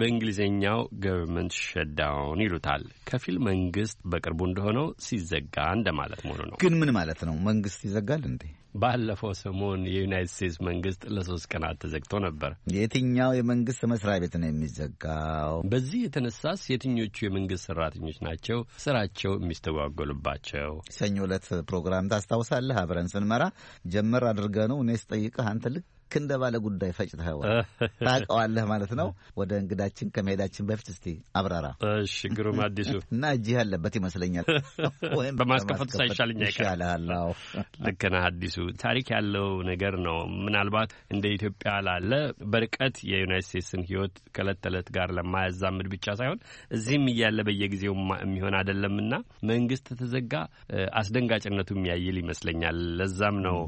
በእንግሊዝኛው ገቨርንመንት ሸዳውን ይሉታል። ከፊል መንግስት በቅርቡ እንደሆነው ሲዘጋ እንደማለት መሆኑ ነው። ግን ምን ማለት ነው? መንግስት ይዘጋል እንዴ? ባለፈው ሰሞን የዩናይት ስቴትስ መንግስት ለሶስት ቀናት ተዘግቶ ነበር። የትኛው የመንግስት መስሪያ ቤት ነው የሚዘጋው? በዚህ የተነሳስ የትኞቹ የመንግስት ሰራተኞች ናቸው ስራቸው የሚስተጓጎሉባቸው? ሰኞ ዕለት ፕሮግራም ታስታውሳለህ? አብረን ስንመራ ጀመር አድርገ ነው እኔ ስጠይቅህ አንተ ልክ ልክ እንደ ባለ ጉዳይ ፈጭተኸው ታውቀዋለህ ማለት ነው። ወደ እንግዳችን ከመሄዳችን በፊት እስቲ አብራራ። እሺ ግሩም አዲሱ እና እጅህ ያለበት ይመስለኛል ወይም በማስከፈት ሳይሻልኛ ይሻልሃል። ልክ ነህ አዲሱ። ታሪክ ያለው ነገር ነው። ምናልባት እንደ ኢትዮጵያ ላለ በርቀት የዩናይት ስቴትስን ህይወት ከእለት ተዕለት ጋር ለማያዛምድ ብቻ ሳይሆን እዚህም እያለ በየጊዜው የሚሆን አይደለምና መንግስት ተዘጋ አስደንጋጭነቱ የሚያይል ይመስለኛል። ለዛም ነው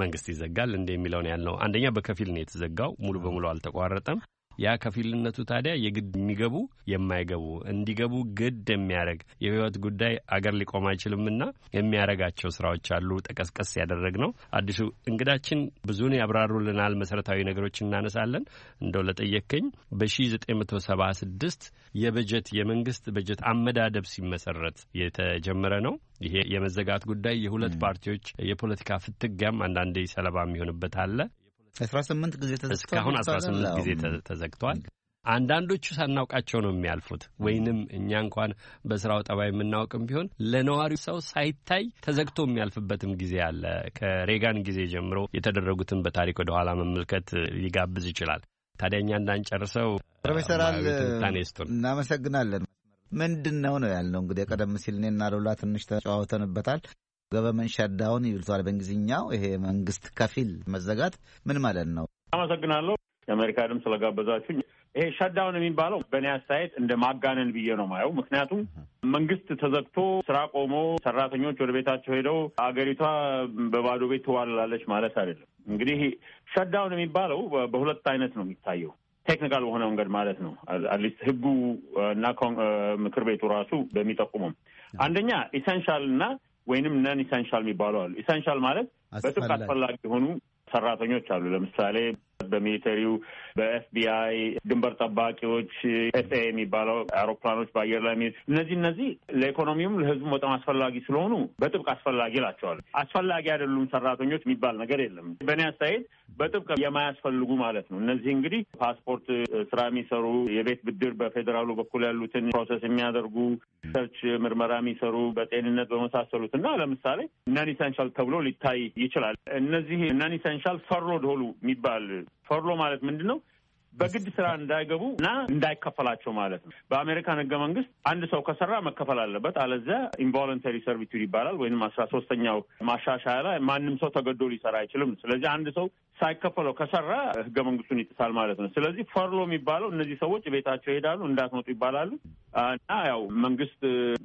መንግስት ይዘጋል እንደ የሚለው ነው አንደኛ በከፊል ነው የተዘጋው፣ ሙሉ በሙሉ አልተቋረጠም። ያ ከፊልነቱ ታዲያ የግድ የሚገቡ የማይገቡ እንዲገቡ ግድ የሚያደርግ የህይወት ጉዳይ አገር ሊቆም አይችልምና የሚያደርጋቸው ስራዎች አሉ። ጠቀስቀስ ያደረግ ነው። አዲሱ እንግዳችን ብዙን ያብራሩልናል። መሰረታዊ ነገሮች እናነሳለን። እንደው ለጠየከኝ በ1976 የበጀት የመንግስት በጀት አመዳደብ ሲመሰረት የተጀመረ ነው። ይሄ የመዘጋት ጉዳይ የሁለት ፓርቲዎች የፖለቲካ ፍትጊያም አንዳንዴ ሰለባ የሚሆንበት አለ። አስራ ስምንት ጊዜ ተዘግቷል። እስካሁን አስራ ስምንት ጊዜ ተዘግቷል። አንዳንዶቹ ሳናውቃቸው ነው የሚያልፉት፣ ወይንም እኛ እንኳን በስራው ጠባይ የምናውቅም ቢሆን ለነዋሪው ሰው ሳይታይ ተዘግቶ የሚያልፍበትም ጊዜ አለ። ከሬጋን ጊዜ ጀምሮ የተደረጉትን በታሪክ ወደኋላ መመልከት ሊጋብዝ ይችላል። ታዲያ እኛ እንዳንጨርሰው ፕሮፌሰራል እናመሰግናለን። ምንድን ነው ነው ያልነው እንግዲህ ቀደም ሲል እኔና ሉላ ትንሽ ተጨዋውተንበታል። ገቨርንመንት ሸዳውን ይሉታል በእንግሊዝኛው። ይሄ መንግስት ከፊል መዘጋት ምን ማለት ነው? አመሰግናለሁ የአሜሪካ ድምፅ ስለጋበዛችሁኝ። ይሄ ሻዳውን የሚባለው በእኔ አስተያየት እንደ ማጋነን ብዬ ነው ማየው። ምክንያቱም መንግስት ተዘግቶ ስራ ቆሞ ሰራተኞች ወደ ቤታቸው ሄደው አገሪቷ በባዶ ቤት ትዋላለች ማለት አይደለም። እንግዲህ ሻዳውን የሚባለው በሁለት አይነት ነው የሚታየው ቴክኒካል በሆነ መንገድ ማለት ነው። አትሊስት ህጉ እና ምክር ቤቱ ራሱ በሚጠቁመው አንደኛ ኢሰንሻል እና ወይንም ነን ኢሰንሻል የሚባሉ አሉ። ኢሰንሻል ማለት በጥብቅ አስፈላጊ የሆኑ ሰራተኞች አሉ። ለምሳሌ በሚሊተሪው፣ በኤፍቢአይ፣ ድንበር ጠባቂዎች፣ ኤስኤ የሚባለው አውሮፕላኖች በአየር ላይ የሚሄዱ እነዚህ እነዚህ ለኢኮኖሚውም ለህዝቡም በጣም አስፈላጊ ስለሆኑ በጥብቅ አስፈላጊ ላቸዋል አስፈላጊ አይደሉም ሰራተኞች የሚባል ነገር የለም። በእኔ አስተያየት በጥብቅ የማያስፈልጉ ማለት ነው። እነዚህ እንግዲህ ፓስፖርት ስራ የሚሰሩ የቤት ብድር በፌዴራሉ በኩል ያሉትን ፕሮሰስ የሚያደርጉ ሰርች ምርመራ የሚሰሩ በጤንነት በመሳሰሉት እና ለምሳሌ ነን ኢሰንሻል ተብሎ ሊታይ ይችላል። እነዚህ ነን ኢሰንሻል ፈሮድ ሆሉ የሚባል ፈርሎ ማለት ምንድን ነው? በግድ ስራ እንዳይገቡ እና እንዳይከፈላቸው ማለት ነው። በአሜሪካን ህገ መንግስት አንድ ሰው ከሰራ መከፈል አለበት፣ አለዚያ ኢንቮለንተሪ ሰርቪቱድ ይባላል። ወይም አስራ ሶስተኛው ማሻሻያ ላይ ማንም ሰው ተገዶ ሊሰራ አይችልም። ስለዚህ አንድ ሰው ሳይከፈለው ከሰራ ህገ መንግስቱን ይጥሳል ማለት ነው። ስለዚህ ፈርሎ የሚባለው እነዚህ ሰዎች ቤታቸው ይሄዳሉ፣ እንዳትመጡ ይባላሉ እና ያው መንግስት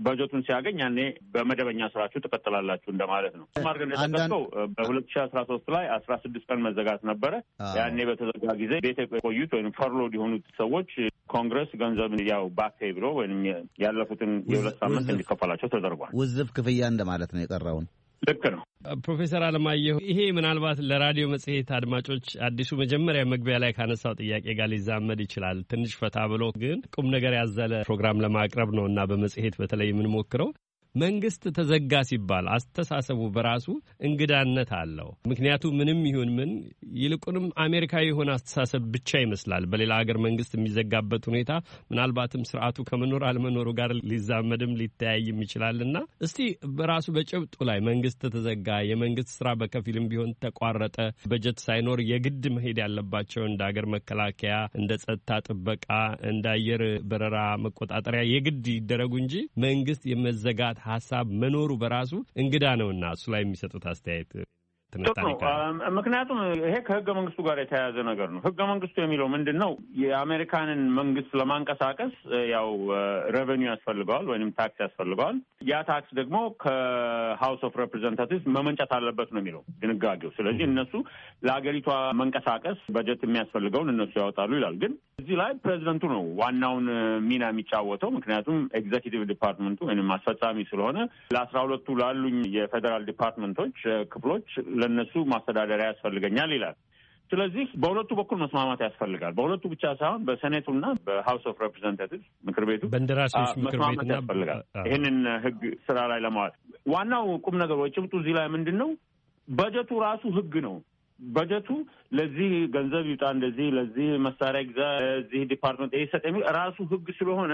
በጀቱን ሲያገኝ ያኔ በመደበኛ ስራችሁ ትቀጥላላችሁ እንደማለት ነው። ማርገ የተቀጥቀው በሁለት ሺ አስራ ሶስት ላይ አስራ ስድስት ቀን መዘጋት ነበረ። ያኔ በተዘጋ ጊዜ ቤት የቆዩት ወይም ፈርሎ የሆኑት ሰዎች ኮንግረስ ገንዘብ ያው ባክይ ብሎ ወይም ያለፉትን የሁለት ሳምንት እንዲከፈላቸው ተደርጓል። ውዝፍ ክፍያ እንደማለት ነው የቀረውን ልክ ነው ፕሮፌሰር አለማየሁ ይሄ ምናልባት ለራዲዮ መጽሔት አድማጮች አዲሱ መጀመሪያ መግቢያ ላይ ካነሳው ጥያቄ ጋር ሊዛመድ ይችላል። ትንሽ ፈታ ብሎ ግን ቁም ነገር ያዘለ ፕሮግራም ለማቅረብ ነው እና በመጽሔት በተለይ የምንሞክረው መንግስት ተዘጋ ሲባል አስተሳሰቡ በራሱ እንግዳነት አለው። ምክንያቱ ምንም ይሁን ምን ይልቁንም አሜሪካዊ የሆነ አስተሳሰብ ብቻ ይመስላል። በሌላ ሀገር መንግስት የሚዘጋበት ሁኔታ ምናልባትም ስርዓቱ ከመኖር አለመኖሩ ጋር ሊዛመድም ሊተያይም ይችላልና እስቲ በራሱ በጭብጡ ላይ መንግስት ተዘጋ፣ የመንግስት ስራ በከፊልም ቢሆን ተቋረጠ፣ በጀት ሳይኖር የግድ መሄድ ያለባቸው እንደ ሀገር መከላከያ፣ እንደ ጸጥታ ጥበቃ፣ እንደ አየር በረራ መቆጣጠሪያ የግድ ይደረጉ እንጂ መንግስት የመዘጋት ሀሳብ መኖሩ በራሱ እንግዳ ነውና እሱ ላይ የሚሰጡት አስተያየት ነው። ምክንያቱም ይሄ ከህገ መንግስቱ ጋር የተያያዘ ነገር ነው። ህገ መንግስቱ የሚለው ምንድን ነው? የአሜሪካንን መንግስት ለማንቀሳቀስ ያው ሬቨኒው ያስፈልገዋል ወይም ታክስ ያስፈልገዋል። ያ ታክስ ደግሞ ከሀውስ ኦፍ ሬፕሬዘንታቲቭስ መመንጨት አለበት ነው የሚለው ድንጋጌው። ስለዚህ እነሱ ለሀገሪቷ መንቀሳቀስ በጀት የሚያስፈልገውን እነሱ ያወጣሉ ይላል። ግን እዚህ ላይ ፕሬዚደንቱ ነው ዋናውን ሚና የሚጫወተው ምክንያቱም ኤግዘኪቲቭ ዲፓርትመንቱ ወይም አስፈጻሚ ስለሆነ ለአስራ ሁለቱ ላሉኝ የፌዴራል ዲፓርትመንቶች ክፍሎች ለነሱ ማስተዳደሪያ ያስፈልገኛል ይላል። ስለዚህ በሁለቱ በኩል መስማማት ያስፈልጋል። በሁለቱ ብቻ ሳይሆን በሴኔቱና በሀውስ ኦፍ ሬፕሬዘንታቲቭ ምክር ቤቱ መስማማት ያስፈልጋል ይህንን ህግ ስራ ላይ ለማዋል። ዋናው ቁም ነገር ወይ ጭብጡ እዚህ ላይ ምንድን ነው? በጀቱ ራሱ ህግ ነው። በጀቱ ለዚህ ገንዘብ ይውጣ፣ እንደዚህ ለዚህ መሳሪያ ግዛ፣ ለዚህ ዲፓርትመንት ይሰጥ የሚል ራሱ ህግ ስለሆነ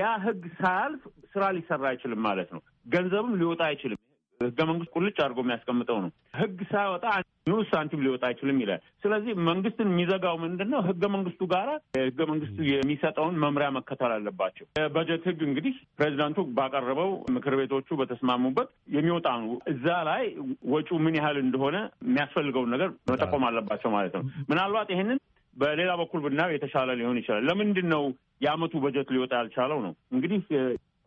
ያ ህግ ሳያልፍ ስራ ሊሰራ አይችልም ማለት ነው። ገንዘብም ሊወጣ አይችልም። ህገ መንግስት ቁልጭ አድርጎ የሚያስቀምጠው ነው። ህግ ሳይወጣ ንዑስ ሳንቲም ሊወጣ አይችልም ይላል። ስለዚህ መንግስትን የሚዘጋው ምንድን ነው? ህገ መንግስቱ ጋራ ህገ መንግስቱ የሚሰጠውን መምሪያ መከተል አለባቸው። በጀት ህግ እንግዲህ ፕሬዚዳንቱ ባቀረበው ምክር ቤቶቹ በተስማሙበት የሚወጣ ነው። እዛ ላይ ወጪው ምን ያህል እንደሆነ የሚያስፈልገውን ነገር መጠቆም አለባቸው ማለት ነው። ምናልባት ይህንን በሌላ በኩል ብናየው የተሻለ ሊሆን ይችላል። ለምንድን ነው የአመቱ በጀት ሊወጣ ያልቻለው ነው እንግዲህ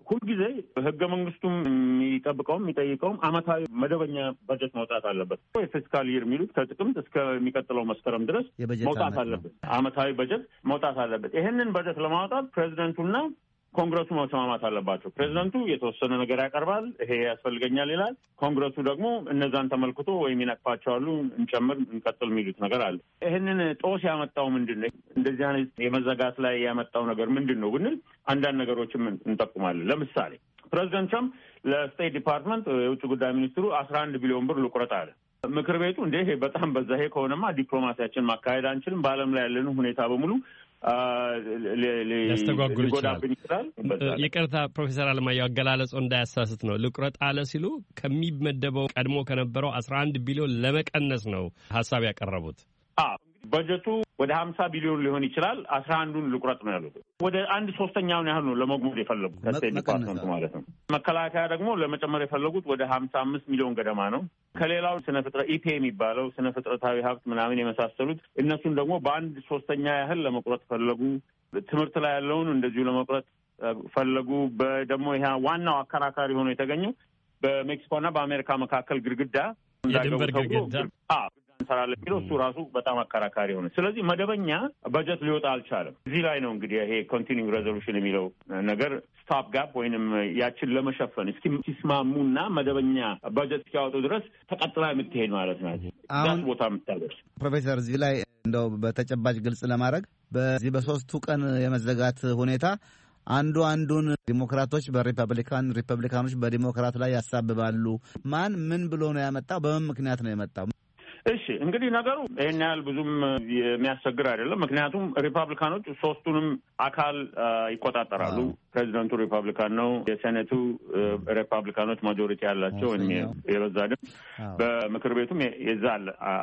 ሁልጊዜ ህገ መንግስቱም የሚጠብቀውም የሚጠይቀውም አመታዊ መደበኛ በጀት መውጣት አለበት። የፊስካል ይር የሚሉት ከጥቅምት እስከሚቀጥለው መስከረም ድረስ መውጣት አለበት። አመታዊ በጀት መውጣት አለበት። ይህንን በጀት ለማውጣት ፕሬዚደንቱና ኮንግረሱ መስማማት አለባቸው። ፕሬዚደንቱ የተወሰነ ነገር ያቀርባል፣ ይሄ ያስፈልገኛል ይላል። ኮንግረሱ ደግሞ እነዛን ተመልክቶ ወይም ይነቅፋቸዋሉ፣ እንጨምር፣ እንቀጥል የሚሉት ነገር አለ። ይህንን ጦስ ያመጣው ምንድን ነው? እንደዚህ አይነት የመዘጋት ላይ ያመጣው ነገር ምንድን ነው ብንል አንዳንድ ነገሮችም እንጠቁማለን። ለምሳሌ ፕሬዚደንት ትራምፕ ለስቴት ዲፓርትመንት የውጭ ጉዳይ ሚኒስትሩ አስራ አንድ ቢሊዮን ብር ልቁረጥ አለ። ምክር ቤቱ እንዴ በጣም በዛ፣ ከሆነማ ዲፕሎማሲያችን ማካሄድ አንችልም፣ በዓለም ላይ ያለን ሁኔታ በሙሉ ሊያስተጓጉል ይችላል። ይቅርታ ፕሮፌሰር አለማየሁ አገላለጽ እንዳያሳስት ነው። ልቁረጥ አለ ሲሉ ከሚመደበው ቀድሞ ከነበረው አስራ አንድ ቢሊዮን ለመቀነስ ነው ሀሳብ ያቀረቡት። በጀቱ ወደ ሀምሳ ቢሊዮን ሊሆን ይችላል። አስራ አንዱን ልቁረጥ ነው ያሉት። ወደ አንድ ሶስተኛውን ያህል ነው ለመጉሞድ የፈለጉት ከስቴት ዲፓርትመንት ማለት ነው። መከላከያ ደግሞ ለመጨመር የፈለጉት ወደ ሀምሳ አምስት ሚሊዮን ገደማ ነው። ከሌላው ስነ ፍጥረ ኢፔ የሚባለው ስነ ፍጥረታዊ ሀብት ምናምን የመሳሰሉት እነሱን ደግሞ በአንድ ሶስተኛ ያህል ለመቁረጥ ፈለጉ። ትምህርት ላይ ያለውን እንደዚሁ ለመቁረጥ ፈለጉ። በደግሞ ይህ ዋናው አከራካሪ ሆኖ የተገኘው በሜክሲኮና በአሜሪካ መካከል ግድግዳ እንሰራለን የሚለው እሱ ራሱ በጣም አከራካሪ የሆነ ስለዚህ መደበኛ በጀት ሊወጣ አልቻለም። እዚህ ላይ ነው እንግዲህ ይሄ ኮንቲኒንግ ሬዞሉሽን የሚለው ነገር ስታፕ ጋፕ ወይንም ያችን ለመሸፈን ሲስማሙና መደበኛ በጀት እስኪያወጡ ድረስ ተቀጥላ የምትሄድ ማለት ናት። ዛት ቦታ የምታደርስ ፕሮፌሰር እዚህ ላይ እንደው በተጨባጭ ግልጽ ለማድረግ በዚህ በሶስቱ ቀን የመዘጋት ሁኔታ አንዱ አንዱን ዲሞክራቶች በሪፐብሊካን ሪፐብሊካኖች በዲሞክራት ላይ ያሳብባሉ። ማን ምን ብሎ ነው ያመጣው? በምን ምክንያት ነው የመጣው? እሺ እንግዲህ ነገሩ ይህን ያህል ብዙም የሚያስቸግር አይደለም። ምክንያቱም ሪፐብሊካኖች ሶስቱንም አካል ይቆጣጠራሉ። ፕሬዚደንቱ ሪፐብሊካን ነው። የሴኔቱ ሪፐብሊካኖች ማጆሪቲ ያላቸው ወይም የበዛ ድምፅ በምክር ቤቱም የዛ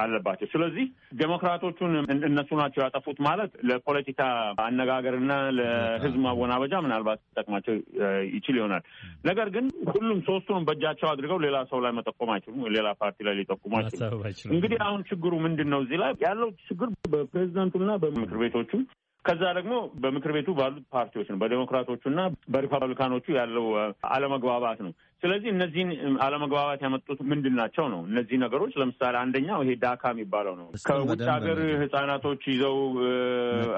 አለባቸው። ስለዚህ ዴሞክራቶቹን እነሱ ናቸው ያጠፉት ማለት ለፖለቲካ አነጋገርና ለህዝብ ማወናበጃ ምናልባት ሊጠቅማቸው ይችል ይሆናል። ነገር ግን ሁሉም ሶስቱንም በእጃቸው አድርገው ሌላ ሰው ላይ መጠቆም አይችሉም። ሌላ ፓርቲ ላይ ሊጠቁሙ አይችሉም። እንግዲህ አሁን ችግሩ ምንድን ነው? እዚህ ላይ ያለው ችግር በፕሬዚደንቱና በምክር ቤቶቹ ከዛ ደግሞ በምክር ቤቱ ባሉት ፓርቲዎች ነው በዴሞክራቶቹ እና በሪፐብሊካኖቹ ያለው አለመግባባት ነው። ስለዚህ እነዚህን አለመግባባት ያመጡት ምንድን ናቸው ነው እነዚህ ነገሮች። ለምሳሌ አንደኛው ይሄ ዳካ የሚባለው ነው። ከውጭ ሀገር ህጻናቶች ይዘው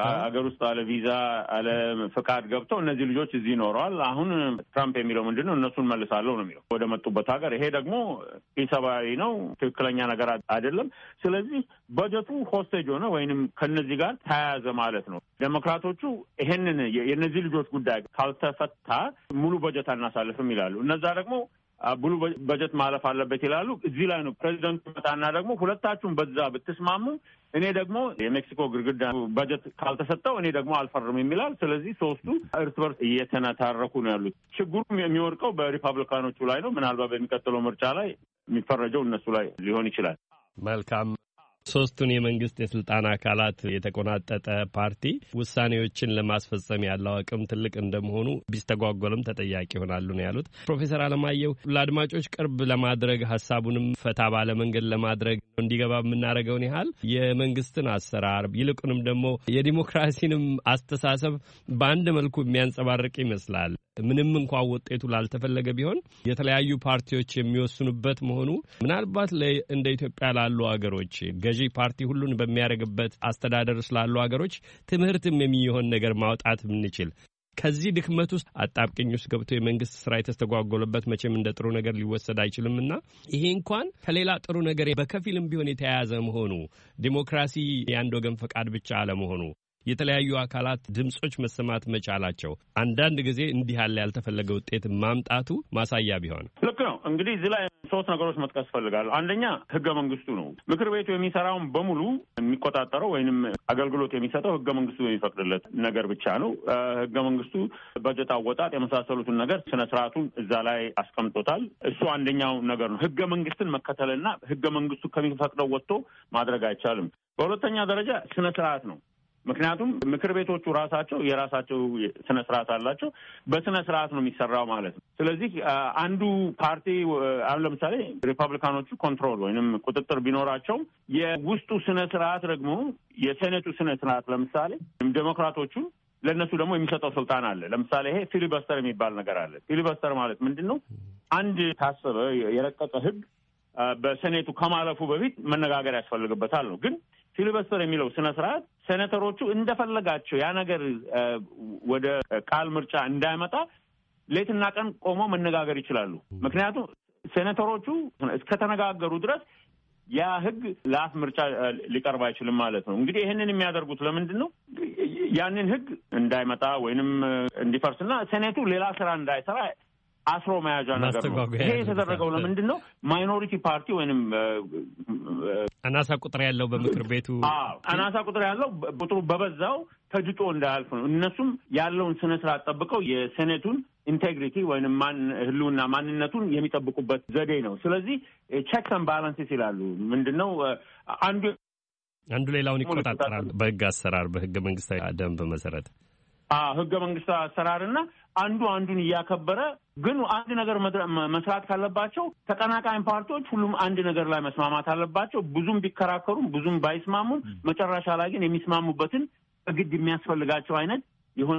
አገር ውስጥ አለ ቪዛ አለ ፍቃድ ገብተው እነዚህ ልጆች እዚህ ይኖረዋል። አሁን ትራምፕ የሚለው ምንድን ነው እነሱን መልሳለሁ ነው የሚለው ወደ መጡበት ሀገር። ይሄ ደግሞ ኢሰብአዊ ነው፣ ትክክለኛ ነገር አይደለም። ስለዚህ በጀቱ ሆስቴጅ ሆነ ወይንም ከነዚህ ጋር ተያያዘ ማለት ነው። ዴሞክራቶቹ ይሄንን የእነዚህ ልጆች ጉዳይ ካልተፈታ ሙሉ በጀት አናሳልፍም ይላሉ። እነዛ ደግሞ ብሉ በጀት ማለፍ አለበት ይላሉ። እዚህ ላይ ነው ፕሬዚደንቱ መጣና ደግሞ ሁለታችሁም በዛ ብትስማሙ እኔ ደግሞ የሜክሲኮ ግድግዳ በጀት ካልተሰጠው እኔ ደግሞ አልፈርም የሚላል። ስለዚህ ሶስቱ እርስ በርስ እየተነታረኩ ነው ያሉት። ችግሩ የሚወድቀው በሪፐብሊካኖቹ ላይ ነው። ምናልባት በሚቀጥለው ምርጫ ላይ የሚፈረጀው እነሱ ላይ ሊሆን ይችላል። መልካም ሶስቱን የመንግስት የስልጣን አካላት የተቆናጠጠ ፓርቲ ውሳኔዎችን ለማስፈጸም ያለው አቅም ትልቅ እንደመሆኑ ቢስተጓጎልም ተጠያቂ ይሆናሉ ነው ያሉት ፕሮፌሰር አለማየሁ። ለአድማጮች ቅርብ ለማድረግ ሀሳቡንም ፈታ ባለመንገድ ለማድረግ እንዲገባ የምናደርገውን ያህል የመንግስትን አሰራር ይልቁንም ደግሞ የዲሞክራሲንም አስተሳሰብ በአንድ መልኩ የሚያንጸባርቅ ይመስላል። ምንም እንኳ ውጤቱ ላልተፈለገ ቢሆን የተለያዩ ፓርቲዎች የሚወስኑበት መሆኑ ምናልባት እንደ ኢትዮጵያ ላሉ አገሮች ገዢ ፓርቲ ሁሉን በሚያደርግበት አስተዳደር ስላሉ አገሮች ትምህርትም የሚሆን ነገር ማውጣት ምንችል ከዚህ ድክመት ውስጥ አጣብቅኝ ውስጥ ገብቶ የመንግስት ስራ የተስተጓጎለበት መቼም እንደ ጥሩ ነገር ሊወሰድ አይችልምና ይሄ እንኳን ከሌላ ጥሩ ነገር በከፊልም ቢሆን የተያያዘ መሆኑ ዲሞክራሲ የአንድ ወገን ፈቃድ ብቻ አለመሆኑ የተለያዩ አካላት ድምጾች መሰማት መቻላቸው አንዳንድ ጊዜ እንዲህ ያለ ያልተፈለገ ውጤት ማምጣቱ ማሳያ ቢሆን ልክ ነው። እንግዲህ እዚህ ላይ ሶስት ነገሮች መጥቀስ እፈልጋለሁ። አንደኛ ህገ መንግስቱ ነው። ምክር ቤቱ የሚሰራውን በሙሉ የሚቆጣጠረው ወይንም አገልግሎት የሚሰጠው ህገ መንግስቱ የሚፈቅድለት ነገር ብቻ ነው። ህገ መንግስቱ በጀት አወጣጥ የመሳሰሉትን ነገር ስነ ስርዓቱን እዛ ላይ አስቀምጦታል። እሱ አንደኛው ነገር ነው። ህገ መንግስትን መከተልና ህገ መንግስቱ ከሚፈቅደው ወጥቶ ማድረግ አይቻልም። በሁለተኛ ደረጃ ስነ ስርዓት ነው። ምክንያቱም ምክር ቤቶቹ ራሳቸው የራሳቸው ስነ ስርዓት አላቸው። በስነ ስርዓት ነው የሚሰራው ማለት ነው። ስለዚህ አንዱ ፓርቲ አሁን ለምሳሌ ሪፐብሊካኖቹ ኮንትሮል ወይም ቁጥጥር ቢኖራቸውም የውስጡ ስነ ስርዓት ደግሞ የሴኔቱ ስነ ስርዓት ለምሳሌ ዴሞክራቶቹ ለእነሱ ደግሞ የሚሰጠው ስልጣን አለ። ለምሳሌ ይሄ ፊሊበስተር የሚባል ነገር አለ። ፊሊበስተር ማለት ምንድን ነው? አንድ ታሰበ የረቀቀ ህግ በሴኔቱ ከማለፉ በፊት መነጋገር ያስፈልግበታል ነው ግን ሲልቨስተር የሚለው ስነ ስርዓት ሴኔተሮቹ እንደፈለጋቸው ያ ነገር ወደ ቃል ምርጫ እንዳይመጣ ሌትና ቀን ቆመው መነጋገር ይችላሉ። ምክንያቱም ሴኔተሮቹ እስከተነጋገሩ ድረስ ያ ህግ ለአፍ ምርጫ ሊቀርብ አይችልም ማለት ነው። እንግዲህ ይህንን የሚያደርጉት ለምንድን ነው? ያንን ህግ እንዳይመጣ ወይንም እንዲፈርስና ሴኔቱ ሌላ ስራ እንዳይሰራ አስሮ መያዣ ነገር ነው። ይሄ የተደረገው ለምንድን ነው? ማይኖሪቲ ፓርቲ ወይንም አናሳ ቁጥር ያለው በምክር ቤቱ አናሳ ቁጥር ያለው ቁጥሩ በበዛው ተጅጦ እንዳያልፍ ነው። እነሱም ያለውን ስነ ስርዓት ጠብቀው የሴኔቱን ኢንቴግሪቲ ወይም ማን ህልውና ማንነቱን የሚጠብቁበት ዘዴ ነው። ስለዚህ ቼክሰን ባላንሴስ ይላሉ። ምንድን ነው አንዱ አንዱ ሌላውን ይቆጣጠራል። በህግ አሰራር በህገ መንግስታዊ ደንብ መሰረት ህገ መንግስት አሰራርና አንዱ አንዱን እያከበረ ግን አንድ ነገር መስራት ካለባቸው ተቀናቃኝ ፓርቲዎች ሁሉም አንድ ነገር ላይ መስማማት አለባቸው። ብዙም ቢከራከሩም ብዙም ባይስማሙም መጨረሻ ላይ ግን የሚስማሙበትን እግድ የሚያስፈልጋቸው አይነት የሆነ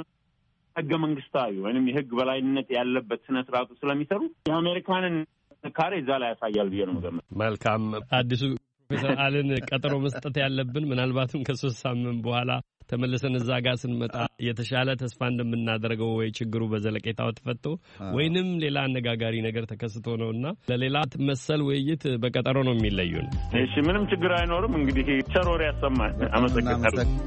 ህገ መንግስታዊ ወይም የህግ በላይነት ያለበት ስነ ስርዓቱ ስለሚሰሩ የአሜሪካንን ጥንካሬ እዛ ላይ ያሳያል ብዬ ነው መገመት። መልካም አዲሱ ፕሮፌሰር አልን ቀጠሮ መስጠት ያለብን ምናልባትም ከሶስት ሳምንት በኋላ ተመልሰን እዛ ጋር ስንመጣ የተሻለ ተስፋ እንደምናደርገው ወይ ችግሩ በዘለቄታው ተፈቶ ወይንም ሌላ አነጋጋሪ ነገር ተከስቶ ነው እና ለሌላ መሰል ውይይት በቀጠሮ ነው የሚለዩን። እሺ፣ ምንም ችግር አይኖርም። እንግዲህ ቸሮር ያሰማል። አመሰግናለሁ።